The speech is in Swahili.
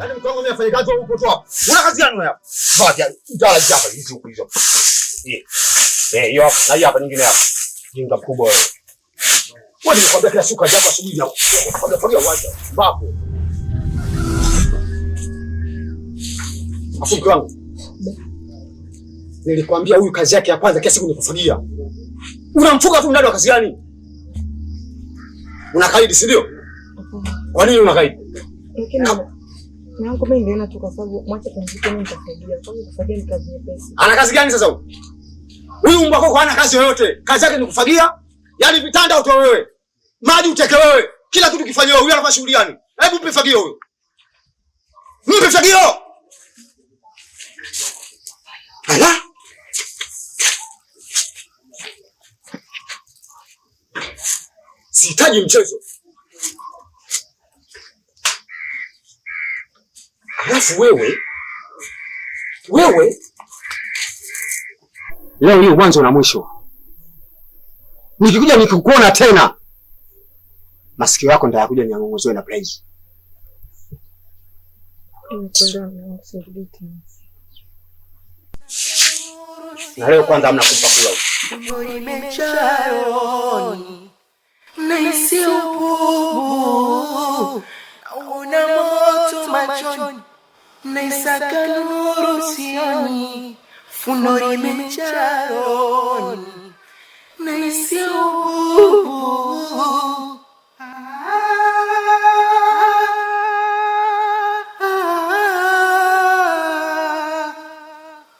Yaani mtu wangu afanye kazi huko tu Una kazi gani wewe? Baada utala hapa hizo huko hizo. Eh. hiyo hapo na hiyo hapa nyingine hapo. Jinga mkubwa wewe. Wewe nimekwambia kila siku ajabu asubuhi na kwambia fagia uwanja. Bapo. Afu mkwangu. Nilikwambia huyu kazi yake ya kwanza kila siku kufagia. Unamfuka tu mdada wa kazi gani? Unakaidi si ndio? Kwa nini unakaidi? Lakini mimi tu kwa sababu mwache kumzika mimi Kwa nini kufagia ni kazi nyepesi? Ana kazi gani sasa huyu? Huyu mbwa koko hana kazi yoyote. Kazi yake ni kufagia. Yaani vitanda utoe wewe. Maji uteke wewe. Kila kitu kifanywe wewe. Huyu anafanya shughuli gani? Hebu mpe fagio huyo. Mpe fagio. Ala. Sihitaji mchezo. Alafu wewe wewe, leo hiyo mwanzo na mwisho, nikikuja nikikuona tena masikio yako ndayakuja niangongozoe na plaizi na leo kwanza amna kupa kula na moto machoni Naisaka nuru sioni, funoi imejaa rohoni, naisikia